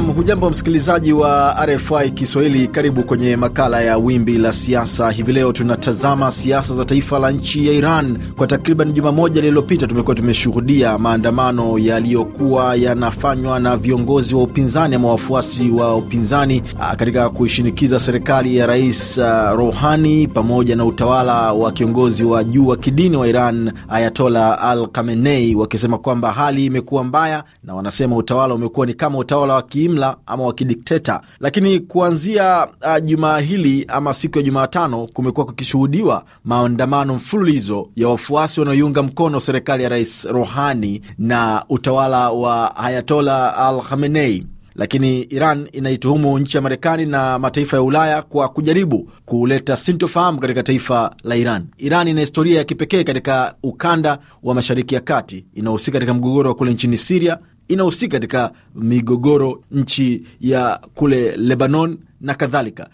Nam, hujambo msikilizaji wa RFI Kiswahili, karibu kwenye makala ya wimbi la siasa. Hivi leo tunatazama siasa za taifa la nchi ya Iran. Kwa takriban juma moja lililopita, tumekuwa tumeshuhudia maandamano yaliyokuwa yanafanywa na viongozi wa upinzani ama wafuasi wa upinzani ah, katika kuishinikiza serikali ya Rais ah, Rohani pamoja na utawala wa kiongozi wa juu wa kidini wa Iran Ayatola Al Khamenei, wakisema kwamba hali imekuwa mbaya na wanasema utawala umekuwa ni kama utawala wa kiima kiimla ama wa kidikteta. Lakini kuanzia uh, jumaa hili ama siku ya Jumatano kumekuwa kukishuhudiwa maandamano mfululizo ya wafuasi wanaoiunga mkono serikali ya Rais Rohani na utawala wa Hayatola Al Khamenei. Lakini Iran inaituhumu nchi ya Marekani na mataifa ya Ulaya kwa kujaribu kuleta sintofahamu katika taifa la Iran. Iran ina historia ya kipekee katika ukanda wa Mashariki ya Kati, inahusika katika mgogoro wa kule nchini Siria, inahusika katika migogoro nchi ya kule Lebanon na kadhalika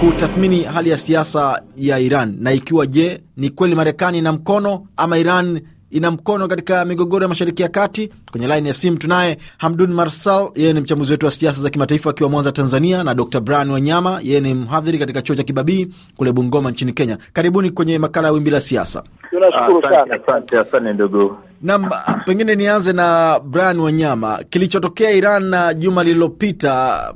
kutathmini hali ya siasa ya Iran na ikiwa je, ni kweli Marekani ina mkono ama Iran ina mkono katika migogoro ya Mashariki ya Kati. Kwenye laini ya simu tunaye Hamdun Marsal, yeye ni mchambuzi wetu wa siasa za kimataifa akiwa Mwanza, Tanzania, na Dr Brian Wanyama, yeye ni mhadhiri katika chuo cha Kibabii kule Bungoma nchini Kenya. Karibuni kwenye makala ya Wimbi la Siasa. Tunashukuru sana. Asante ndugu Nam, pengine nianze na Brian Wanyama. Kilichotokea Iran na juma lililopita,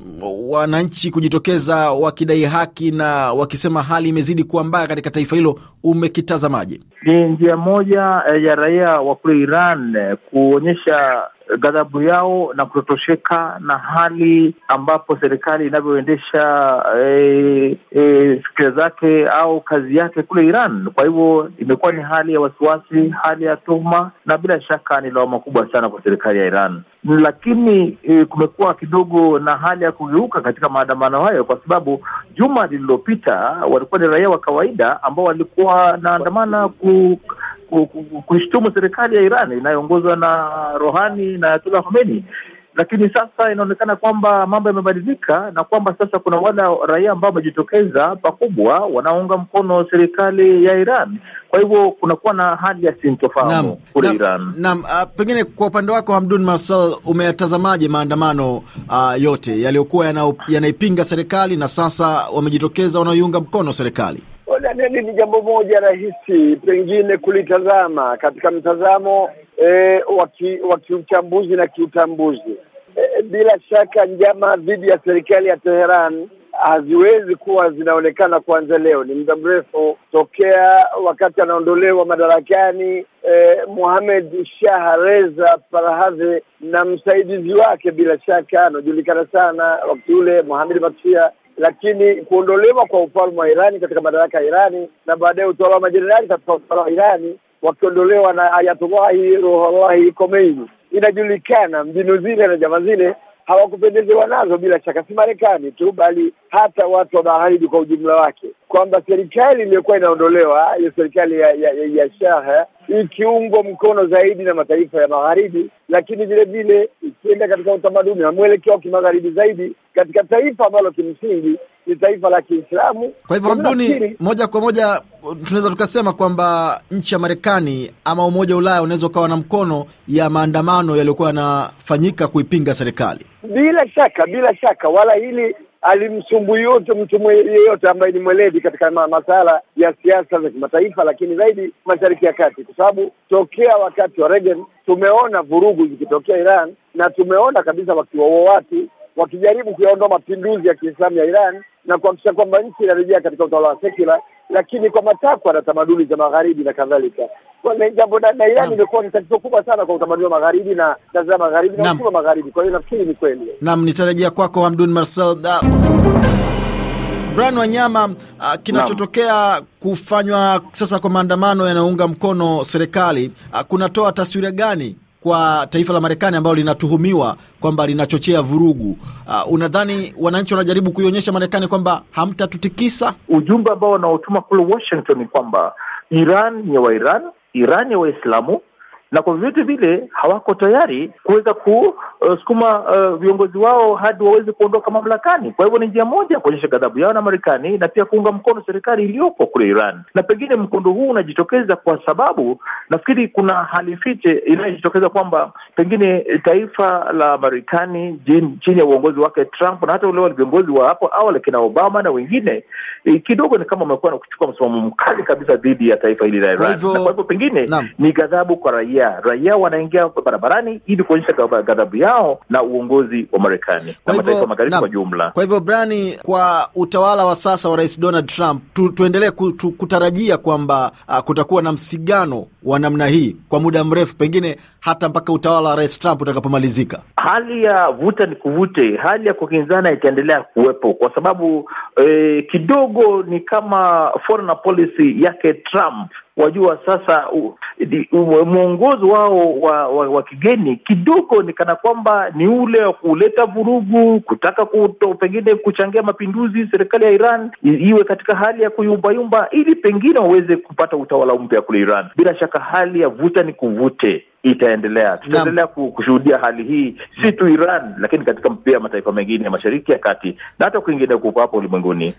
wananchi kujitokeza wakidai haki na wakisema hali imezidi kuwa mbaya katika taifa hilo, umekitazamaje? Ni njia moja eh, ya raia wa kule Iran eh, kuonyesha ghadhabu yao na kutotosheka na hali ambapo serikali inavyoendesha e, e, fikira zake au kazi yake kule Iran. Kwa hivyo imekuwa ni hali ya wasiwasi, hali ya tuhuma, na bila shaka ni lawama kubwa sana kwa serikali ya Iran. Lakini e, kumekuwa kidogo na hali ya kugeuka katika maandamano hayo, kwa sababu juma lililopita walikuwa ni raia wa kawaida ambao walikuwa naandamana ku kuishtumu serikali ya Iran inayoongozwa na Rohani na Ayatollah Khomeini lakini sasa inaonekana kwamba mambo yamebadilika na kwamba sasa kuna wale raia ambao wamejitokeza pakubwa wanaunga mkono serikali ya Iran. Kwa hivyo kunakuwa na hali ya sintofahamu kule Iran. Naam, ah, pengine kwa upande wako Hamdun Marsal, umeyatazamaje maandamano uh, yote yaliyokuwa yanaipinga serikali na sasa wamejitokeza wanaoiunga mkono serikali? nadhani hili ni jambo moja rahisi pengine kulitazama katika mtazamo e, wa kiuchambuzi na kiutambuzi. E, bila shaka njama dhidi ya serikali ya Teheran haziwezi kuwa zinaonekana kuanza leo. Ni muda mrefu tokea wakati anaondolewa madarakani eh, Mohamed Shah Reza Pahlavi na msaidizi wake, bila shaka anajulikana sana wakati ule Mohamed Bakshia lakini kuondolewa kwa ufalme wa Irani katika madaraka ya Irani na baadaye utawala wa majenerali katika utawala wa Irani wakiondolewa na Ayatullahi ruhullahi Khomeini. Inajulikana mbinu zile na jama zile hawakupendezewa nazo, bila shaka si Marekani tu, bali hata watu wa magharibi kwa ujumla wake kwamba serikali iliyokuwa inaondolewa hiyo serikali ya, ya, ya, ya shaha eh, ikiungwa mkono zaidi na mataifa ya magharibi, lakini vile vile ikienda katika utamaduni na mwelekeo wa kimagharibi zaidi katika taifa ambalo kimsingi ni taifa la Kiislamu. Kwa hivyo, Abduni, moja kwa moja tunaweza tukasema kwamba nchi ya Marekani ama Umoja wa Ulaya unaweza ukawa na mkono ya maandamano yaliyokuwa yanafanyika kuipinga serikali. Bila shaka, bila shaka, wala hili alimsumbui yote mtu yeyote ambaye ni mweledi katika masala ya siasa za kimataifa, lakini zaidi Mashariki ya Kati, kwa sababu tokea wakati wa Reagan tumeona vurugu zikitokea Iran na tumeona kabisa wakiwaua watu wakijaribu kuyaondoa mapinduzi ya Kiislamu ya Iran na kuhakikisha kwamba nchi inarejea katika utawala wa sekula lakini kwa matakwa na tamaduni za magharibi na kadhalika. Jambo na Iran imekuwa ni tatizo kubwa sana kwa utamaduni wa magharibi na za magharibi na uchumi wa magharibi. Kwa hiyo nafikiri ni kweli. Naam, nitarejea kwako Hamdun Marsal. Ah, Brian Wanyama, uh, kinachotokea kufanywa sasa kwa maandamano yanayounga mkono serikali uh, kunatoa taswira gani kwa taifa la Marekani ambalo linatuhumiwa kwamba linachochea vurugu. Uh, unadhani wananchi wanajaribu kuionyesha Marekani kwamba hamtatutikisa? Ujumbe ambao wanaotuma kule Washington ni kwamba Iran ni ya Wairan, Iran ni ya Waislamu na kwa vyovyote vile hawako tayari kuweza kusukuma uh, uh, viongozi wao hadi waweze kuondoka mamlakani. Kwa hivyo ni njia moja ya kuonyesha ghadhabu yao na Marekani na pia kuunga mkono serikali iliyopo kule Iran, na pengine mkondo huu unajitokeza kwa sababu nafikiri kuna hali fiche inayojitokeza kwamba pengine taifa la Marekani chini ya uongozi wake Trump na hata ule viongozi wa hapo awali kina Obama na wengine e, kidogo ni kama wamekuwa na kuchukua msimamo mkali kabisa dhidi ya taifa hili la Iran, na kwa hivyo pengine na, ni ghadhabu kwa raia raia. Raia wanaingia barabarani ili kuonyesha ghadhabu yao na uongozi wa Marekani na mataifa magharibi kwa jumla. Kwa hivyo brani, kwa utawala wa sasa wa Rais Donald Trump tu, tuendelee kutarajia kwamba uh, kutakuwa na msigano wa namna hii kwa muda mrefu, pengine hata mpaka utawala wa Rais Trump utakapomalizika hali ya vuta ni kuvute, hali ya kukinzana itaendelea kuwepo kwa sababu e, kidogo ni kama foreign policy yake Trump. Wajua sasa mwongozo wao wa, wa, wa kigeni kidogo ni kana kwamba ni ule wa kuleta vurugu, kutaka kuto, pengine kuchangia mapinduzi, serikali ya Iran iwe katika hali ya kuyumbayumba, ili pengine waweze kupata utawala mpya kule Iran. Bila shaka hali ya vuta ni kuvute itaendelea. Tutaendelea kushuhudia hali hii, si tu Iran, lakini katika pia mataifa mengine ya mashariki ya kati na hata kwingine kuko hapo ulimwenguni.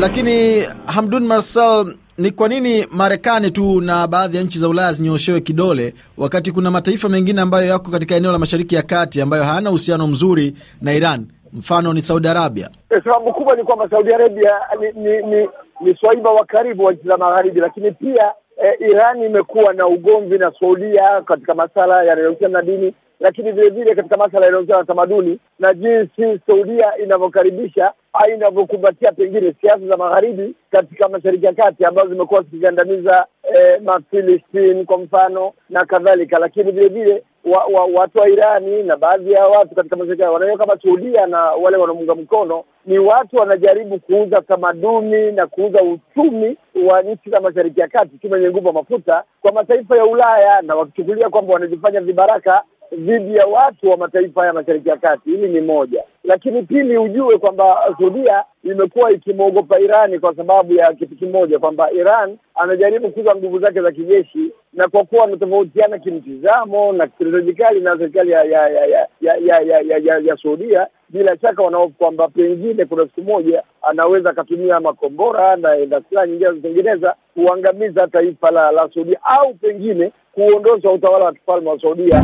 Lakini Hamdun Marsal, ni kwa nini Marekani tu na baadhi ya nchi za Ulaya zinyoshewe kidole wakati kuna mataifa mengine ambayo yako katika eneo la mashariki ya kati ambayo hayana uhusiano mzuri na Iran? Mfano ni Saudi Arabia. E, sababu kubwa ni kwamba Saudi Arabia ni, ni, ni, ni swaiba wa karibu wa nchi za magharibi, lakini pia eh, Iran imekuwa na ugomvi na Saudia katika masala yanayohusiana na dini, lakini vile vile katika masala yanayohusiana na tamaduni na jinsi Saudia inavyokaribisha au inavyokumbatia pengine siasa za magharibi katika Mashariki ya Kati ambazo zimekuwa zikigandamiza eh, Mafilistini kwa mfano na kadhalika, lakini vile vile wa, wa, watu wa Irani na baadhi ya watu katika mazingira wanayo kama Saudia na wale wanamunga mkono ni watu wanajaribu kuuza tamaduni na kuuza uchumi wa nchi za Mashariki ya Kati, uchumi wenye nguvu wa mafuta kwa mataifa ya Ulaya, na wakichukulia kwamba wanajifanya vibaraka dhidi ya watu wa mataifa ya Mashariki ya Kati. Hili ni moja, lakini pili, ujue kwamba Saudia imekuwa ikimwogopa Irani kwa sababu ya kitu kimoja, kwamba Iran anajaribu kuza nguvu zake za kijeshi, na kwa kuwa wanatofautiana kimtizamo na kistratejikali na serikali ya ya ya ya ya ya, ya, ya, ya Saudia, bila shaka wanaofu kwamba pengine kuna siku moja anaweza akatumia makombora na silaha nyingine zinazotengeneza kuangamiza taifa la, la Saudia au pengine kuondosha utawala wa kifalme wa Saudia.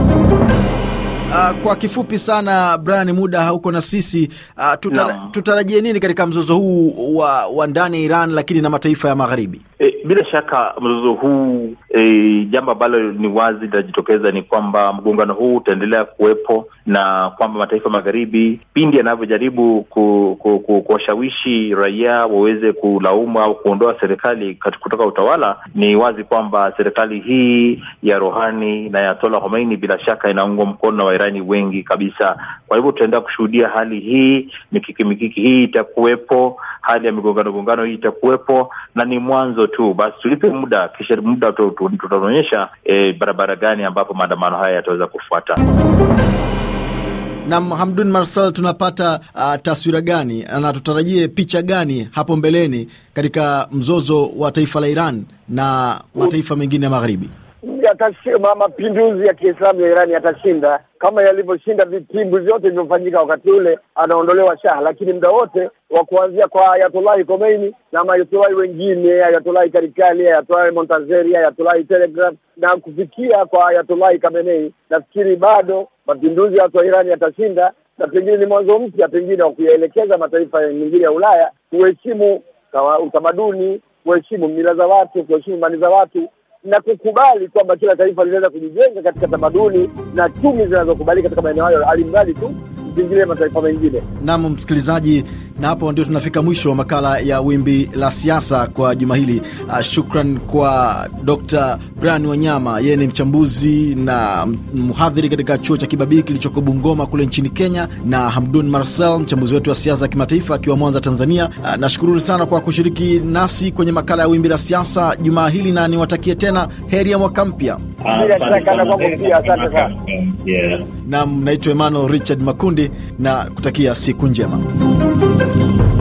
Uh, kwa kifupi sana Brian, muda hauko na sisi uh, ah, tutara, no. tutarajie nini katika mzozo huu wa, wa ndani ya Iran lakini na mataifa ya magharibi? E, bila shaka mzozo huu e, jambo ambalo ni wazi linajitokeza ni kwamba mgongano huu utaendelea kuwepo na kwamba mataifa magharibi pindi yanavyojaribu kuwashawishi ku, ku, raia waweze kulaumu au kuondoa serikali kutoka utawala, ni wazi kwamba serikali hii ya Rohani na ya Tola Khomeini bila shaka inaungwa mkono na Wairani wengi kabisa. Kwa hivyo tutaendelea kushuhudia hali hii, mikiki mikiki hii itakuwepo, hali ya migongano gongano hii itakuwepo na ni mwanzo tu basi tulipe muda, kisha muda tutaonyesha e, barabara gani ambapo maandamano haya yataweza kufuata. Nam Hamdun Marsal, tunapata uh, taswira gani na tutarajie picha gani hapo mbeleni katika mzozo wa taifa la Iran na mataifa mengine ya Magharibi? yatashinda, mapinduzi ya Kiislamu ya Irani yatashinda kama yalivyoshinda vitimbu vyote vilivyofanyika wakati ule, anaondolewa Shah, lakini muda wote wa kuanzia kwa Ayatollah Khomeini na Ayatollah wengine, Ayatollah Karikali, Ayatollah Montazeri, Ayatollah Telegraph na kufikia kwa Ayatollah Khamenei, nafikiri bado mapinduzi ya watu wa Irani yatashinda, na pengine ni mwanzo mpya pengine wa kuyaelekeza mataifa mengine ya Ulaya kuheshimu utamaduni, kuheshimu mila za watu, kuheshimu imani za watu na kukubali kwamba kila taifa linaweza kujijenga katika tamaduni na chumi zinazokubalika katika maeneo hayo, alimradi tu zingine mataifa mengine. Naam msikilizaji, na hapo ndio tunafika mwisho wa makala ya Wimbi la Siasa kwa juma hili. Uh, shukran kwa Dr. Brian Wanyama, yeye ni mchambuzi na mhadhiri katika chuo cha Kibabii kilichoko Bungoma kule nchini Kenya, na Hamdun Marcel, mchambuzi wetu wa siasa za kimataifa akiwa Mwanza, Tanzania. Uh, sana kwa kushiriki nasi kwenye makala ya Wimbi la Siasa jumaa hili, na niwatakie tena heri ya mwaka mpya. Naam, naitwa Emmanuel Richard Makundi zaidi na kutakia siku njema.